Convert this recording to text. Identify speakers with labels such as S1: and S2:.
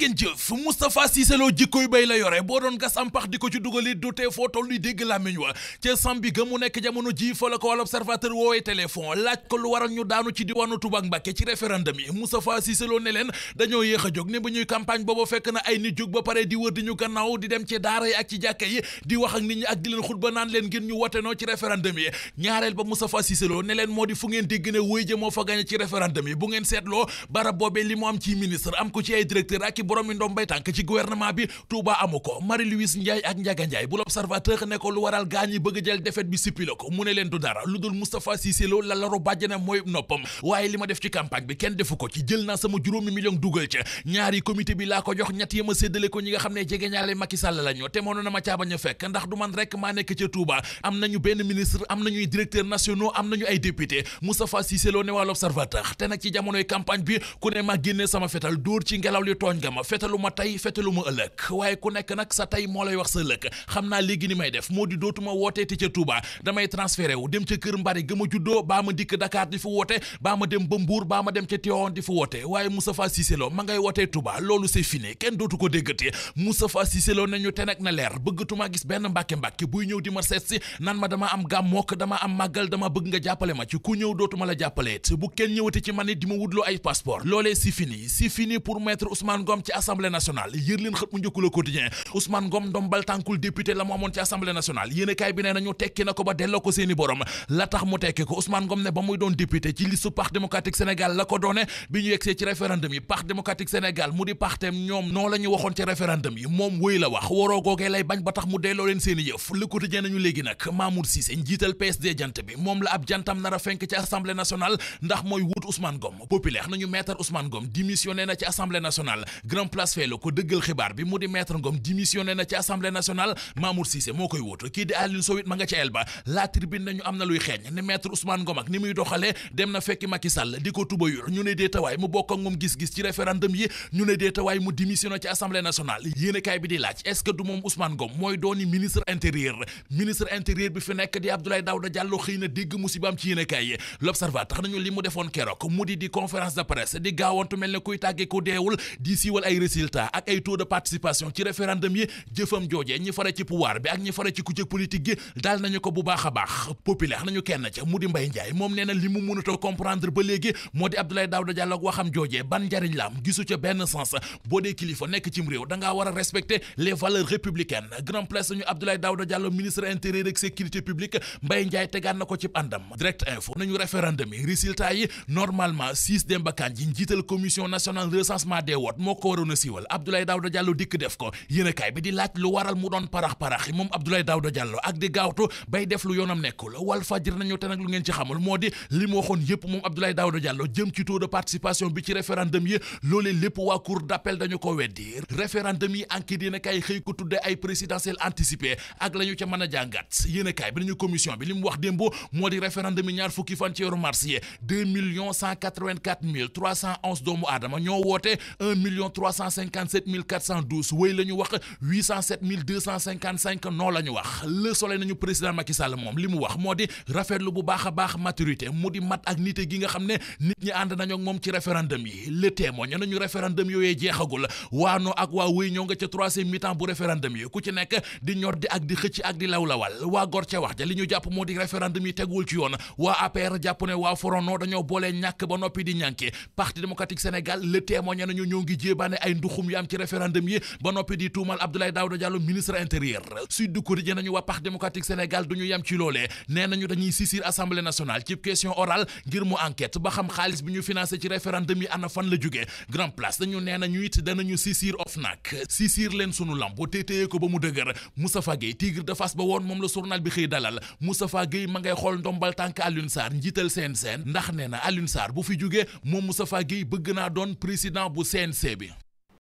S1: ngeen jëf Moustapha dañoo yéex a jóg ne bu ñuy campagne boobu fekk na ay nit jóg ba pare di wër di ñu gannaaw di dem ci daara yi ak ci jàkka yi di wax ak nit ñi ak di leen xutba naan leen ngir ñu wotenoo ci référendum yi ñaareel ba Moustapha Cissé Lo moo di fu ngeen dégg ne wuy jë moo fa gañe ci référendum yi bu ngeen seetloo barab boobee li mu am ci ministre am ko ci ay directeur ak boroomi ndombay tànk ci gouvernement bi Touba amu ko Marie Louise Ndiaye ak Ndiaga Ndiaye bu l'observateur ne lu waral gaañ yi bëgg jël défaite bi sippile ko mu ne leen du dara lu dul Moustapha Cissé Lo la laru bàjjana mooy noppam waaye li ma def ci campagne bi kenn defu ko ci jël naa sama juróomi million dugal ca ñaari comité bi laa ko jox ñett yi ma séddale ko ñi nga xam ne jege ñaale Macky Sall la ñoo te mënoon na ma caabañ a fekk ndax du man rek maa nekk ca Touba am nañu benn bi ku sama fetal dóor ci ngelaw li tooñ nga ma moom fetalu ma tey fetalu ma ëllëg waaye ku nekk nag sa tey moo lay wax sa ëllëg xam naa léegi ni may def moo di dootuma wootee wooteeti ca Touba damay transféré wu dem ca kër Mbari ga ma juddoo baa ma dikk dakaar di fu woote baa ma dem ba Mbour baa ma dem ca Tivaouane di fu woote waaye Moustapha Cissé Lo ma ngay wootee Touba loolu c'est fini kenn dootu ko déggati Moustapha Cissé Lo nañu te nag na leer bëggatuma gis benn mbàkke mbàkke buy ñëw di ma seet si nan ma dama am gàmmook dama am màggal dama bëgg nga jàppale ma ci ku ñëw dootuma la jàppale bu kenn ñëwati ci man it di ma wutloo ay passeport loolee ci assemblée nationale yër leen xët mu njëkku la quotidien Ousmane Ngom ndombal tànkul député la mu amoon ci assemblée nationale yéen kaay bi nee nañu tekki na ko ba delloo ko seeni borom la tax mu tekki ko Ousmane Ngom ne ba muy doon député ci liste parti démocratique Sénégal la ko doone bi ñu yegsee ci référendum yi parti démocratique Sénégal mu di partem ñoom noo la ñu waxoon ci référendum yi moom wéy la wax waroo googee lay bañ ba tax mu delloo leen seeni yëf le quotidien nañu léegi nag Mamour Cissé njiital PSD jant bi moom la ab jantam nar a fenk ci assemblée nationale ndax mooy wut Ousmane Ngom populaire nañu maître Ousmane Ngom démissionné na ci assemblée nationale Biram Place Felo ko dëggal xibaar bi mu di maître Ngom démissionné na ci assemblée nationale Mamour Cissé moo koy wóotu kii di Alioune Sow it ma nga ca el ba la tribune nañu am na luy xeeñ ne maître Ousmane Ngom ak ni muy doxalee dem na fekki Macky Sall di ko tuba ñu ne dee tawaay mu bokk ak gis-gis ci référendum yi ñu ne dee tawaay mu démissionné ci assemblée nationale yéenekaay bi di laaj est du moom Ousmane Ngom mooy dooni ministre intérieur ministre teewal ay résultats ak ay taux de participation ci référendum yi jëfam joojee ñi fare ci pouvoir bi ak ñi fare ci kujje politique gi daal nañu ko bu baax a baax populaire nañu kenn ca mu di Mbaye Ndiaye moom nee li mu mënatoo comprendre ba léegi moo di Abdoulaye Daouda Diallo ak waxam joojee ban njariñ la gisu ca benn sens boo dee kilifa nekk cim réew dangaa war a respecter les valeurs grand place ñu Abdoulaye Daouda Diallo ministre intérieur ak sécurité ko waroon a siiwal Abdoulaye Daouda Diallo dikk def ko yéenekaay bi di laaj lu waral mu doon parax-parax moom Abdoulaye Daouda Diallo ak di gaawtu bay def yoonam nekkul Walf Fadjri nañu te nag lu ngeen ci xamul moo di li waxoon yépp moom Abdoulaye Daouda Diallo jëm ci taux de participation bi ci référendum yi loolee lépp waa cour d'appel dañu ko weddi référendum yi enquête yéenekaay xëy ko tudde ay présidentielle anticipée ak la ca mën jàngat yéenekaay 357 412 wéy la ñu wax 807 255 non la ñu wax Le Soleil nañu président Macky Sall moom li mu wax moo di rafetlu bu baax a baax maturité mu di mat ak nite gi nga xam ne nit ñi ànd nañu ak moom ci référendum yi Le Témoin nañu référendum yooyee jeexagul waa non ak waa wéy ñoo nga ca troisième mi-temps bu référendum yi ku ci nekk di ñor di ak di xëcc ak di lawlawal waa gor ca wax ja li ñu jàpp moo di référendum yi tegul ci yoon waa APR jàpp ne waa foron non dañoo boolee ñàkk ba di ñànke Parti démocratique Sénégal Le ne ay nduxum yu ci référendum yi ba noppi di tuumal Abdoulaye Daouda Diallo ministre intérieur Sud du Quotidien nañu waa Parti démocratique Sénégal du ñu yem ci loole nee nañu dañuy saisir Assemblée nationale ci question orale ngir mu enquête ba xam xaalis bi ñu financé ci référendum yi ana fan la jógee Grand Place dañu nee nañu it danañu saisir OFNAC saisir leen sunu lamb te téye ko ba mu dëgër Moustapha Gueye Tigre de Fass ba woon moom la journal bi xëy dalal Moustapha Gueye ma ngay xool ndombal tànk Alioune Sarr njiital CNC ndax nee na Alioune bu fi jóge moom Moustapha Gueye bëgg naa doon président bu CNC bi